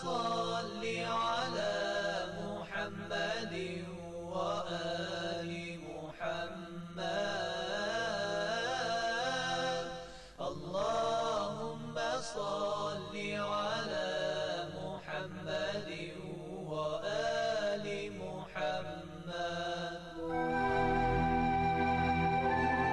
صل على محمد وآل محمد اللهم صل على محمد وآل محمد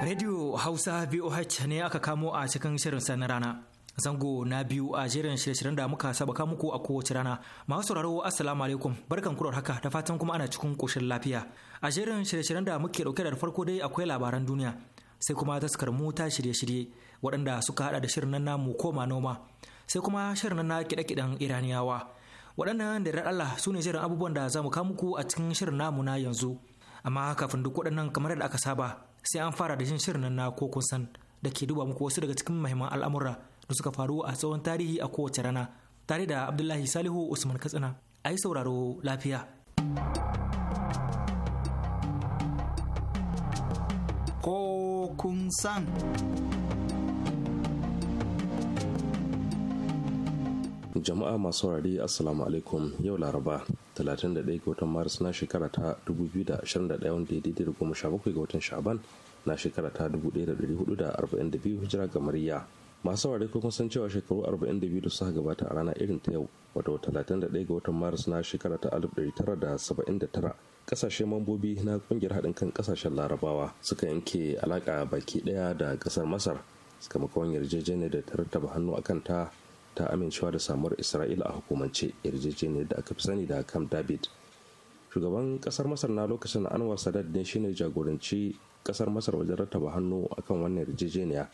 Radio Hausa VOH ne aka kamo a cikin shirin sa na rana. zango na biyu a jerin shirye-shiryen da muka sabaka muku a kowace rana masu sauraro assalamu alaikum barkan kurar haka da fatan kuma ana cikin koshin lafiya a jerin shirye-shiryen da muke dauke da farko dai akwai labaran duniya sai kuma taskar mu ta shirye-shirye waɗanda suka hada da shirin nan mu koma noma sai kuma shirin na kiɗe-kiɗen iraniyawa waɗannan da Allah su ne jerin abubuwan da za mu muku a cikin shirin namu na yanzu amma kafin duk waɗannan kamar da aka saba sai an fara da jin shirin na ko san da ke duba muku wasu daga cikin mahimman al'amura da suka faru a tsawon tarihi a kowace rana tare da Abdullahi Salihu Usman Katsina. A yi sauraro lafiya. Ko kun san. jama'a masu saurari assalamu alaikum yau laraba 31 ga watan maris na shekara ta 2021 wanda ya daidai da 17 ga watan shaban na shekara ta 1442 hijira ga mariya masu ware ko san cewa shekaru 42 da suka gabata a rana irin ta yau wato 31 ga watan maris na shekara ta 1979 kasashe mambobi na kungiyar haɗin kan kasashen larabawa suka yanke alaƙa baki ɗaya da ƙasar masar suka wani yarjejeniyar da ta rattaba hannu a kanta ta amincewa da samuwar isra'ila a hukumance yarjejeniyar da aka fi sani da kam david shugaban kasar masar na lokacin anwar sadat ne shine jagoranci kasar masar wajen rattaba hannu akan wannan yarjejeniya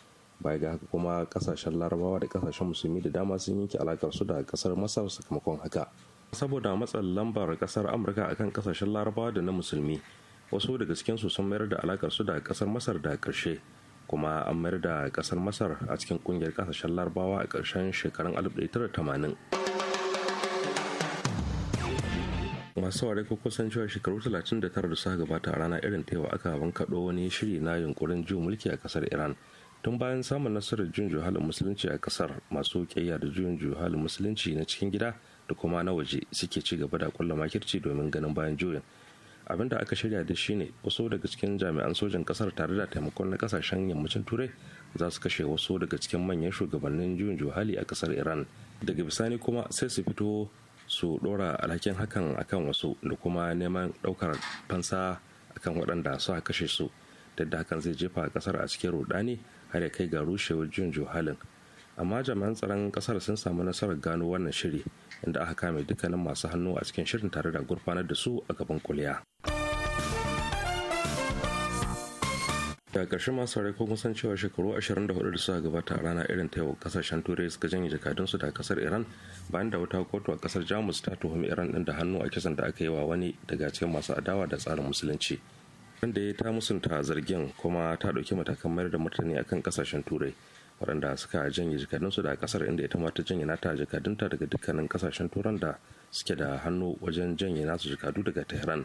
baya ga haka kuma kasashen larabawa da kasashen musulmi da dama sun yanke alakar su da kasar masar sakamakon haka saboda matsalar lambar kasar amurka akan kasashen larabawa da na musulmi wasu daga su sun mayar da alakar su da kasar masar da karshe kuma an mayar da kasar masar a cikin kungiyar kasashen larabawa a ƙarshen shekarun 1980 masu ware ko kusan cewa shekaru 39 da suka gabata a rana irin ta aka bankaɗo wani shiri na yunkurin juyin mulki a kasar iran tun bayan samun nasarar juyin juhalin musulunci a kasar masu kyayya da juyin juhalin musulunci na cikin gida da kuma na waje suke ci gaba da kulla makirci domin ganin bayan juyin abin da aka shirya da shine wasu daga cikin jami'an sojan kasar tare da taimakon na kasashen yammacin turai za su kashe wasu daga cikin manyan shugabannin juyin juhali a kasar iran daga bisani kuma sai su fito su dora alhakin hakan akan wasu da kuma neman daukar fansa akan waɗanda su kashe su da hakan zai jefa kasar a cikin rudani har ya kai ga rushewar jin halin amma jami'an tsaron kasar sun samu nasarar gano wannan shiri inda aka kame dukkanin masu hannu a cikin shirin tare da gurfanar da su a gaban kuliya daga ƙarshe masu rai ko kusan cewa shekaru 24 da suka gabata a rana irin ta yau kasashen turai suka janye su da kasar iran bayan da wata kotu a kasar jamus ta tuhumi iran din da hannu a kisan da aka yi wa wani daga cikin masu adawa da tsarin musulunci wanda ya ta musunta zargin kuma ta ɗauki matakan mayar da mutane akan kasashen turai waɗanda suka janye su da kasar inda ita ma ta janye nata jikadunta daga dukkanin kasashen turan da suke da hannu wajen janye nasu jikadu daga tehran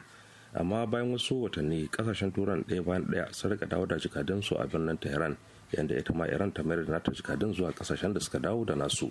amma bayan wasu watanni kasashen turan ɗaya bayan ɗaya sun rika dawo da su a birnin tehran yadda ita ma iran ta mayar da nata jikadun zuwa kasashen da suka dawo da nasu.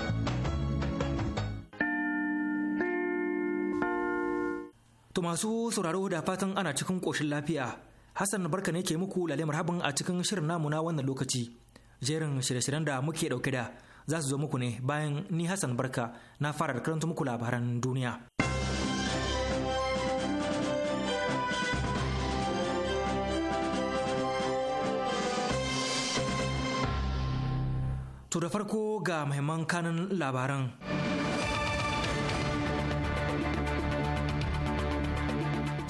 To masu sauraro da fatan ana cikin ƙoshin lafiya. Hassan barka ne ke muku lalle marhaban a cikin shirin namu na wannan lokaci. Jerin shirye-shiryen da muke ɗauke da za su zo muku ne bayan ni Hassan barka na fara da karanta muku labaran duniya. To da farko ga mahimman kanin labaran.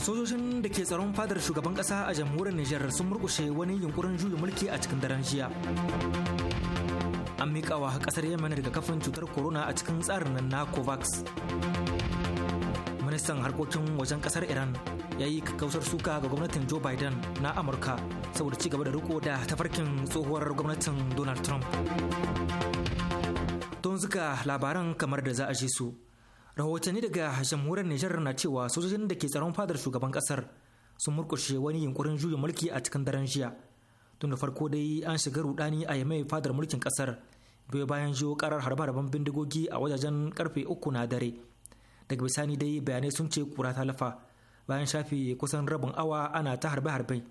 sojojin da ke tsaron fadar shugaban kasa a jamhuriyar nijar sun murkushe wani yunkurin juyin mulki a cikin daren jiya an miƙawa wa ƙasar yemen kafin cutar corona a cikin tsarin na covax ministan harkokin wajen ƙasar iran ya yi kakkausar suka ga gwamnatin joe biden na amurka saboda ci gaba da riko da tafarkin tsohuwar gwamnatin donald trump don zuka labaran kamar da za a ji su rahotanni daga jamhuriyar nijar na cewa sojojin da ke tsaron fadar shugaban kasar sun murkushe wani yunkurin juyin mulki a cikin daren jiya tun da farko dai an shiga rudani a yamai fadar mulkin kasar biyu bayan jiyo karar harbe-harben bindigogi a wajajen karfe uku na dare daga bisani dai bayanai sun ce kura ta lafa bayan shafe kusan rabin awa ana ta harbe-harbe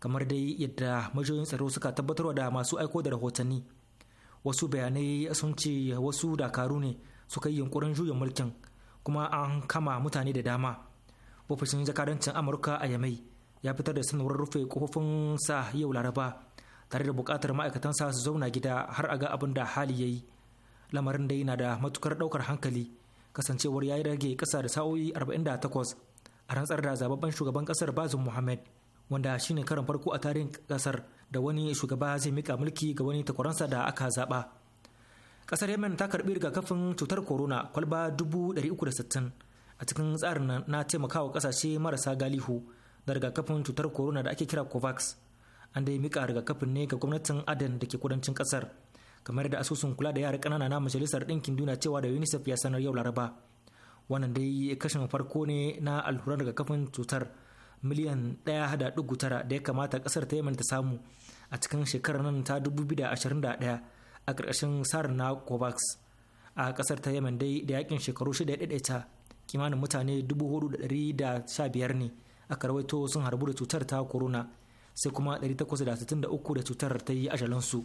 kamar dai yadda majiyoyin tsaro suka tabbatarwa da masu aiko da rahotanni wasu bayanai sun ce wasu dakaru ne suka yi yunkurin juya mulkin kuma an kama mutane da dama ofishin jakadancin amurka a yamai ya fitar da sanarwar rufe kofofin sa yau laraba tare da bukatar ma'aikatan sa su zauna gida har a ga abin da hali ya yi lamarin dai na da matukar ɗaukar hankali kasancewar ya yi rage ƙasa da sa'o'i 48 a rantsar da zababben shugaban ƙasar bazin muhammed wanda shine karin farko a tarihin ƙasar da wani shugaba zai mika mulki ga wani takwaransa da aka zaɓa kasar yemen ta karbi rigakafin cutar corona kwalba 360 a cikin tsarin na taimakawa kasashe marasa galihu da rigakafin cutar corona da ake kira covax an dai mika rigakafin ne ga gwamnatin aden da ke kudancin kasar kamar da asusun kula da yara kanana na majalisar ɗinkin duniya cewa da unicef ya sanar yau laraba wannan dai kashin farko ne na alluran rigakafin cutar miliyan 1.9 da ya kamata kasar ta yemen ta samu a cikin shekarar nan ta 2021 a ƙarƙashin sar na covax a ƙasar ta yemen dai da yakin shekaru shida ya daidaita kimanin mutane biyar ne aka rawaito sun harbu da cutar ta korona sai kuma 863 da cutar ta yi ajalinsu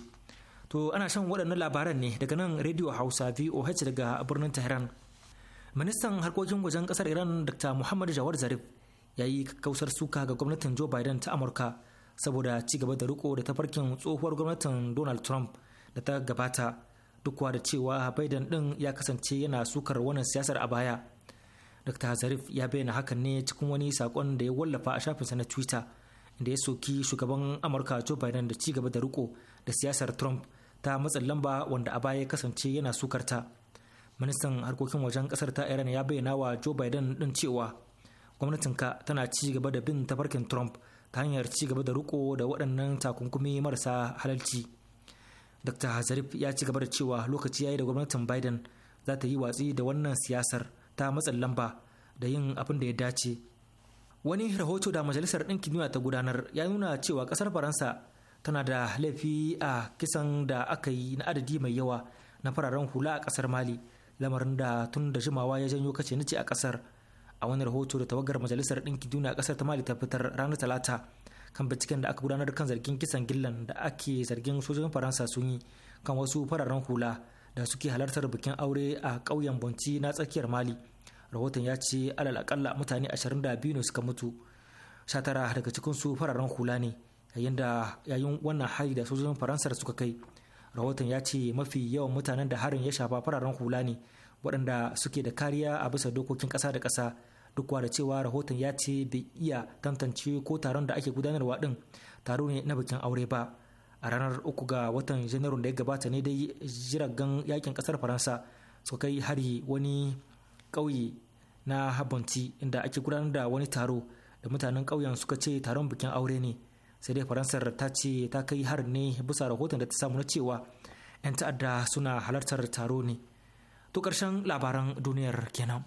to ana shan waɗannan labaran ne daga nan radio hausa voh daga birnin tehran ministan harkokin wajen ƙasar iran dr muhammad jawar zarif ya yi kausar suka ga gwamnatin joe biden ta amurka saboda ci gaba da riko da tafarkin tsohuwar gwamnatin donald trump da ta gabata duk da cewa biden din ya kasance yana sukar wannan siyasar a baya dr zarif ya bayyana hakan ne cikin wani sakon da ya wallafa a shafinsa na twitter inda ya soki shugaban amurka joe biden da cigaba da riko da siyasar trump ta matsin lamba wanda a baya ya kasance yana sukar ta ministan harkokin wajen kasar ta iran ya bayyana wa joe biden din cewa gwamnatinka tana ci gaba da bin tafarkin trump ta hanyar ci gaba da riko da waɗannan takunkumi marasa halalci dr zarif ya ci gaba da cewa lokaci ya yi da gwamnatin biden za ta yi watsi da wannan siyasar ta matsin lamba da yin abin da ya dace wani rahoto da majalisar ɗinkin duniya ta gudanar ya nuna cewa ƙasar faransa tana da laifi a kisan da aka yi na adadi mai yawa na fararen hula a ƙasar mali lamarin da tun da jimawa ya janyo kace nace a ƙasar a wani rahoto da tawagar majalisar ɗinkin duniya ƙasar ta mali ta fitar ranar talata kan binciken da aka gudanar kan zargin kisan gillan da ake zargin sojojin faransa sun yi kan wasu fararen hula da suke halartar bikin aure a ƙauyen bonci na tsakiyar mali rahoton ya ce alal akalla mutane biyu ne suka mutu 19 daga cikin su fararen hula ne yayin da yayin wannan hari da sojojin faransa suka kai rahoton ya ce mafi yawan mutanen da harin ya shafa fararen hula ne waɗanda suke da kariya a bisa dokokin ƙasa da ƙasa duk da cewa rahoton ya ce bai iya tantance ko taron da ake gudanarwa din taro ne na bikin aure ba a ranar uku ga watan janairun da ya gabata ne dai jiragen yakin kasar faransa suka kai hari wani ƙauye na habanti inda ake gudanar da wani taro da mutanen ƙauyen suka ce taron bikin aure ne sai dai faransar ta ce ta kai har ne bisa rahoton da ta samu na cewa 'yan ta'adda suna halartar taro ne to ƙarshen labaran duniyar kenan.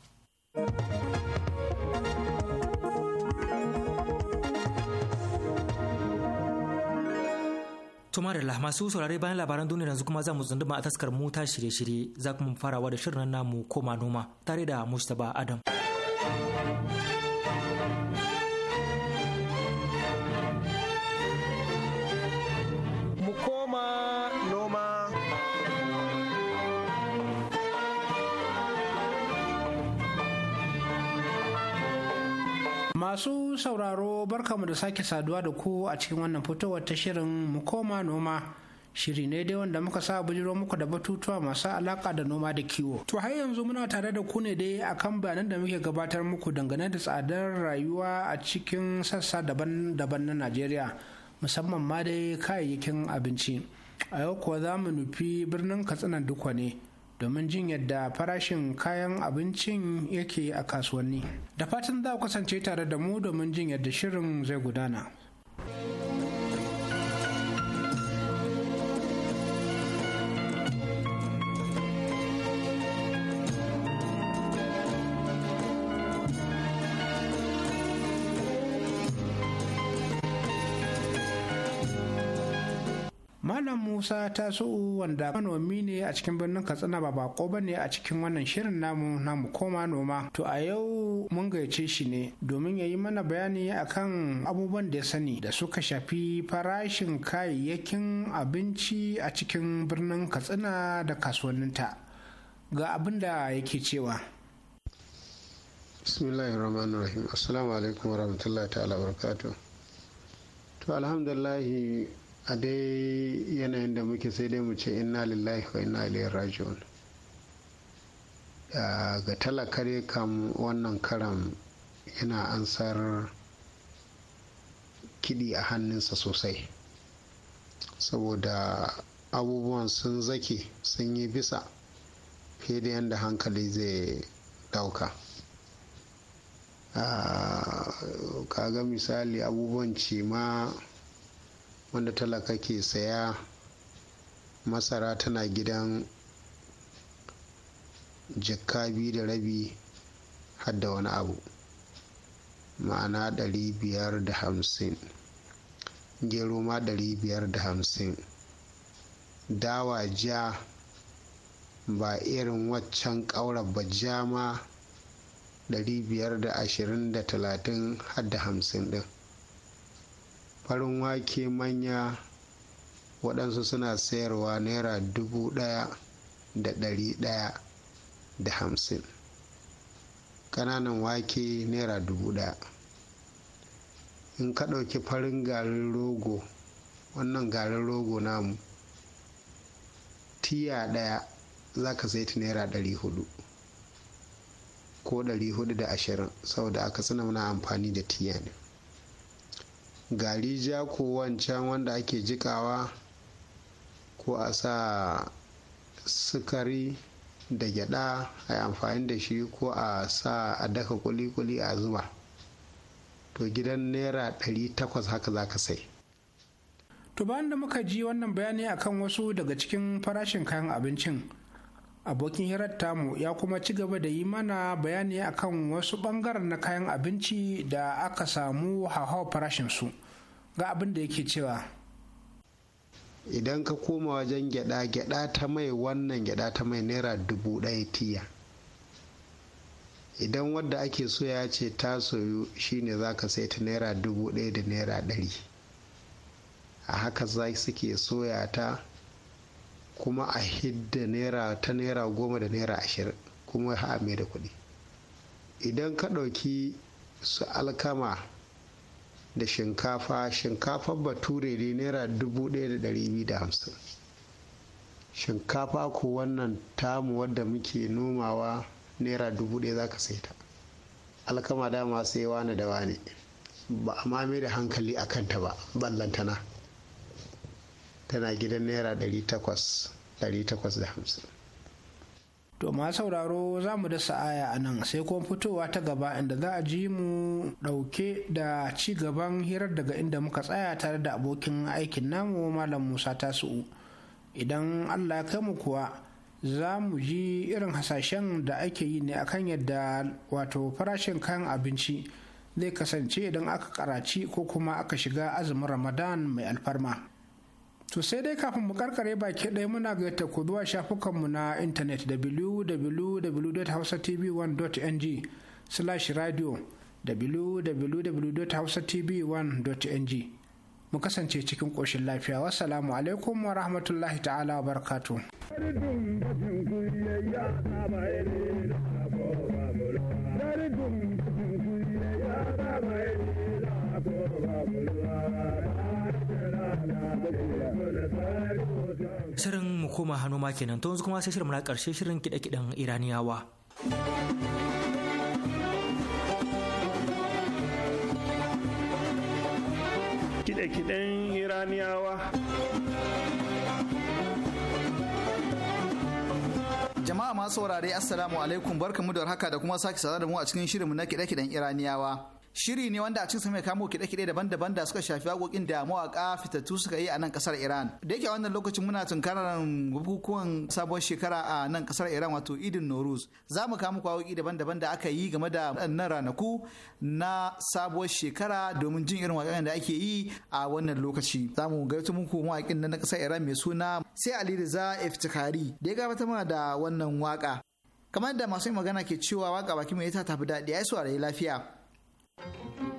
Tumarilla masu saurare bayan labaran duniya yanzu kuma za mu tsunduma a taskar mu shirye-shirye za kuma farawa da shirin namu koma noma tare da Mustapha Adam. masu sauraro barkamu da sake saduwa da ku a cikin wannan fitowar ta shirin mu koma noma shiri ne dai wanda muka sa bujiro muku da batutuwa masu alaka da noma da kiwo. To har yanzu muna tare da ku ne dai akan bayanan da muke gabatar muku dangane da tsadar rayuwa a cikin sassa daban-daban na Najeriya musamman ma dai kayayyakin abinci. A yau kuwa za mu nufi birnin Katsina Dukwa ne domin jin yadda farashin kayan abincin yake a kasuwanni da fatan za ku kasance tare da mu domin jin yadda shirin zai gudana. musa su wanda manomi ne a cikin birnin katsina ba bako ba ne a cikin wannan shirin namu namu koma noma to a yau mun gayyace shi ne domin ya yi mana bayani akan abubuwan da ya sani da suka shafi farashin kayayyakin abinci a cikin birnin katsina da kasuwanninta ga abin da yake cewa Bismillahirrahmanirrahim. assalamu alaikum warahmatullahi ta'ala barakatuh to alhamdulillahi a dai yanayin da muke sai dai mu ce inna lillahi wa inna ilaihi raji'un ga talakare kam wannan karam yana ansar kiɗi a hannunsa sosai saboda abubuwan sun zake sun yi bisa fiye da yadda hankali zai ɗauka ah, kaga misali abubuwan cima ma wanda talaka ke saya masara tana gidan jikka biyu da rabi hadda wani abu ma'ana 550 gero ma 550 dawa ja ba irin waccan ƙaura ba ja ma ɗari biyar da ashirin da talatin hadda hamsin ɗin farin wake manya waɗansu suna sayarwa naira dubu ɗaya da ɗari ɗaya da hamsin ƙananan wake naira dubu ɗaya in ka ɗauki farin garin rogo wannan garin rogo namu tiya ɗaya za ka sai ta naira ɗari hudu ko ɗari hudu da ashirin saboda aka suna muna amfani da tiya ne gari ja ko wancan wanda ake jikawa ko a sa sukari da gyada a yi amfani da shi ko a sa a daka kuli-kuli a zuba to gidan naira 800 haka za ka sai to bayan da muka ji wannan bayani akan wasu daga cikin farashin kayan abincin abokin hirar tamu ya kuma ci gaba da yi mana bayani akan wasu bangaren na kayan abinci da aka samu farashin su ga abin da yake cewa idan ka koma wajen gyada gyada ta mai wannan gyada ta mai naira dubu ɗaya tiya idan wadda ake soya ce ta soyu shine za ka sai ta naira dubu ɗaya da naira ɗari a haka za suke soya ta kuma a hidda naira ta naira goma da naira ashirin kuma haɗa mai da kuɗi idan ka ɗauki su alkama da shinkafa shinkafar bature ne naira dubu ɗaya da ɗari biyu da hamsin shinkafa ko wannan tamu wadda muke nomawa naira dubu ɗaya za ka sai ta alkama dama sai wane da wane ba a mai da hankali a kanta ba ballantana tana gidan naira 800 To ma sauraro za mu da sa'aya a nan sai kuma fitowa ta gaba inda za a ji mu ɗauke da ci gaban hirar daga inda muka tsaya tare da abokin aikin namu Malam Musa ta su'u Idan Allah kai mu kuwa za mu ji irin hasashen da ake yi ne akan yadda wato farashin kayan abinci zai kasance idan aka karaci ko kuma aka shiga azumin Ramadan mai alfarma. To sai dai kafin mu karkare baki ɗaya muna ga ku zuwa shafukanmu na intanet www.hausatv1.ng slash radio www.hausatv1.ng mu kasance cikin ƙoshin lafiya wassalamu alaikum wa rahmatullahi ta'ala wa barkatu. Dari Shirin mu koma ma kenan to yanzu kuma sai shirin na karshe shirin kiɗe-kiɗen Iraniyawa. Kiɗe-kiɗen Iraniyawa. Jama'a masu saurare Assalamu alaikum barkamu da haka da kuma sake sada da mu a cikin shirinmu na kiɗe-kiɗen Iraniyawa. shiri ne wanda a cikin mai kamo kiɗe-kiɗe daban-daban da suka shafi waƙoƙin da mawaƙa fitattu suka yi a nan ƙasar Iran. Da yake wannan lokacin muna tunkarar bukukuwan sabon shekara a nan kasar Iran wato Idin Noruz. Za mu kamo waƙoƙi daban-daban da aka yi game da waɗannan ranaku na sabuwar shekara domin jin irin waƙoƙin da ake yi a wannan lokaci. Za mu gaito muku mawaƙin na kasar Iran mai suna sai Ali Riza Iftikhari da ya gabata mana da wannan waƙa. Kamar da masu magana ke cewa waka baki mai ta tafi daɗi ai su lafiya. Thank you.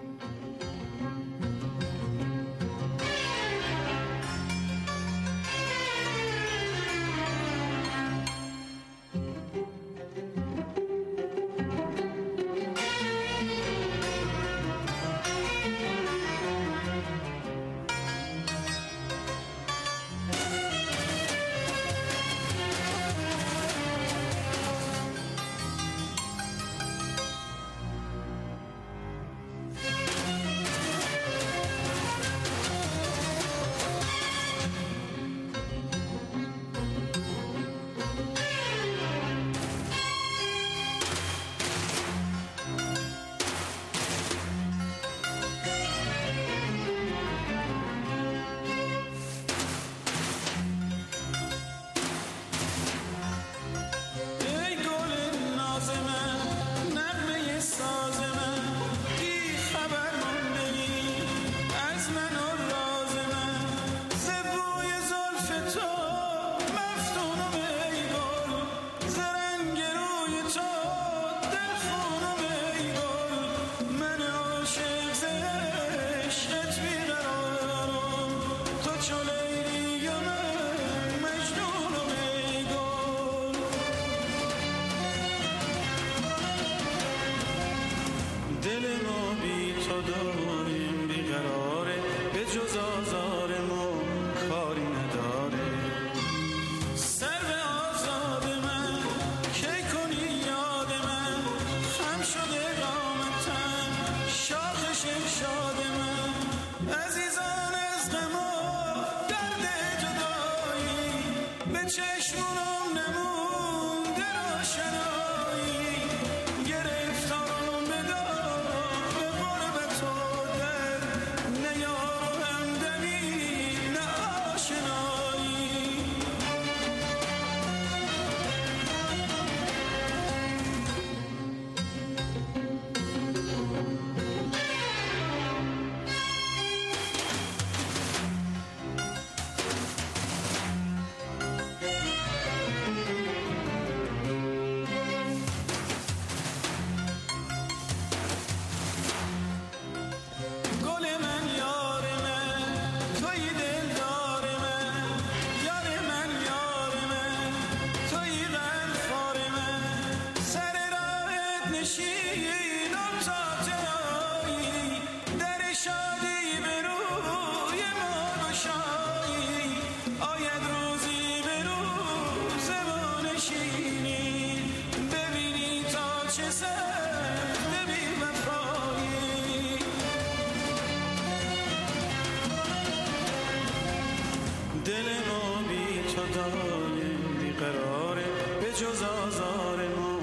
دل ما بی تو داره بیقراره به جز آزار ما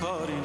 کاری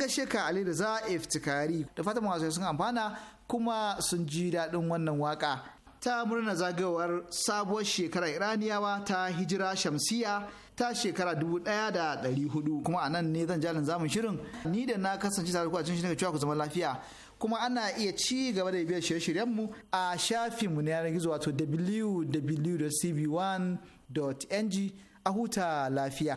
gaishe ka Ali da za iftikari da fatan masu sun amfana kuma sun ji daɗin wannan waka ta murna zagayowar sabuwar shekara Iraniyawa ta hijira shamsiya ta shekara dubu ɗaya da ɗari hudu kuma a nan ne zan jalin zamun shirin ni da na kasance tare a cikin shirin cewa ku zama lafiya kuma ana iya ci gaba da biyar shirye-shiryenmu a shafin mu na yanar gizo wato www.cb1.ng a huta lafiya.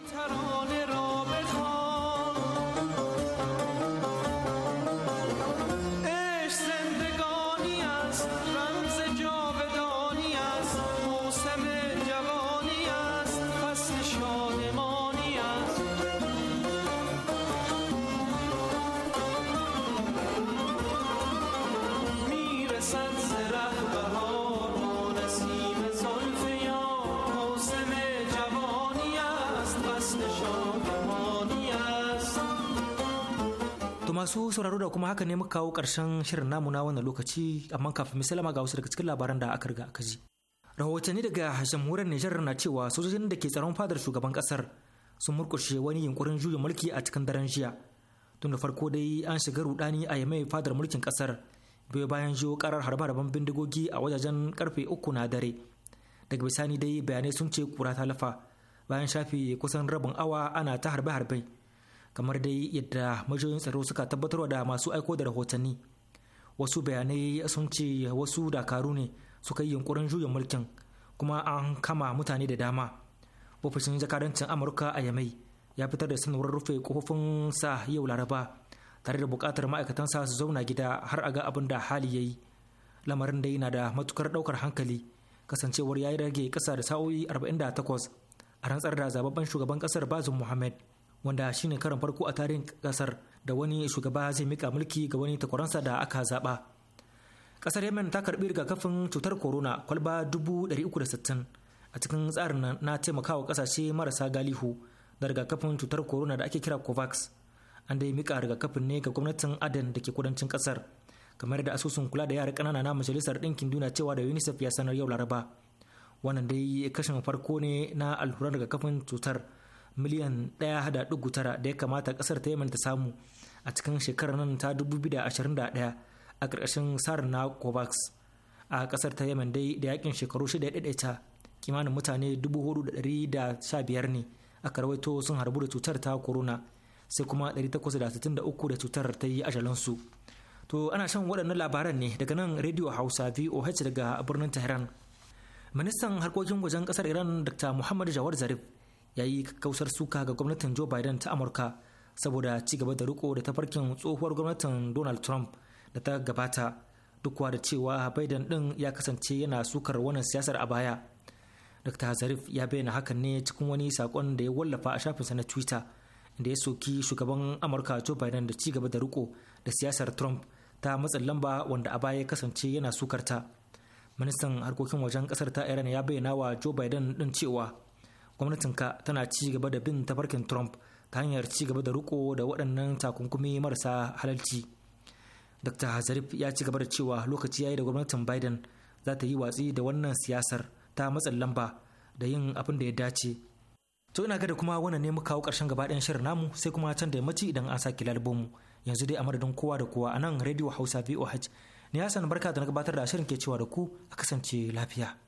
masu sauraro da kuma haka ne muka kawo ƙarshen shirin namu na wannan lokaci amma kafin mu salama ga wasu daga cikin labaran da aka riga aka ji. Rahotanni daga jamhuriyar Nijar na cewa sojojin da ke tsaron fadar shugaban kasar sun murƙushe wani yunkurin juyin mulki a cikin daren jiya. Tun da farko dai an shiga rudani a yamai fadar mulkin kasar biyo bayan jiyo karar harbe-harben bindigogi a wajajen karfe uku na dare. Daga bisani dai bayanai sun ce kura ta lafa bayan shafi kusan rabin awa ana ta harbe-harbe. kamar dai yadda majiyoyin tsaro suka tabbatarwa da masu aiko da rahotanni wasu bayanai sun ce wasu dakaru ne suka yi yunkurin juya mulkin kuma an kama mutane da dama ofishin jakadancin amurka a yamai ya fitar da sanarwar rufe kofofin sa yau laraba tare da buƙatar sa su zauna gida har a ga abin da hali ya yi lamarin dai na da matukar ɗaukar hankali kasancewar ya rage ƙasa da sa'o'i 48 a rantsar da zababben shugaban ƙasar bazin muhammad wanda ne karan farko a tarihin kasar da wani shugaba zai mika mulki ga wani takwaransa da aka zaba kasar yemen ta karbi rigakafin cutar corona kwalba 360 a cikin tsarin na taimakawa kasashe marasa galihu da rigakafin cutar corona da ake kira covax an dai mika rigakafin ne ga gwamnatin aden da ke kudancin kasar kamar da asusun kula da yara kanana na majalisar ɗinkin duniya cewa da unicef ya sanar yau laraba wannan dai kashin farko ne na alluran rigakafin cutar miliyan 1.9 da ya kamata kasar ta yemen ta samu a cikin shekarar nan ta 2021 a ƙarƙashin sar na covax a kasar ta yemen dai da yakin shekaru shida ya ta kimanin mutane 4,115 ne aka rawaito sun harbu da cutar ta corona sai kuma 863 da cutar ta yi ajalinsu to ana shan waɗannan labaran ne daga nan radio hausa voh daga birnin tehran ministan harkokin wajen ƙasar iran dr muhammad jawar zarif ya yi kakkausar suka ga gwamnatin joe biden ta amurka saboda ci gaba da riko da tafarkin tsohuwar gwamnatin donald trump da ta gabata duk da cewa biden din ya kasance yana sukar wannan siyasar a baya dr zarif ya bayyana hakan ne cikin wani sakon da ya wallafa a shafinsa na twitter da ya soki shugaban amurka joe biden da ci gaba da riko da siyasar trump ta matsin lamba wanda a baya ya kasance yana sukarta ministan harkokin wajen kasar ta iran ya bayyana wa joe biden din cewa gwamnatinka tana ci gaba da bin tafarkin trump ta hanyar ci gaba da riko da waɗannan takunkumi marasa halalci dr zarif ya ci gaba da cewa lokaci ya yi da gwamnatin biden za ta yi watsi da wannan siyasar ta matsin lamba da yin abin da ya dace to ina ga da kuma wannan ne muka kawo ƙarshen gaba ɗayan shirin namu sai kuma can da yammaci idan an sake lalbomu yanzu dai a madadin kowa da kowa a nan radio hausa voh ni hassan barka da na gabatar da shirin ke cewa da ku a kasance lafiya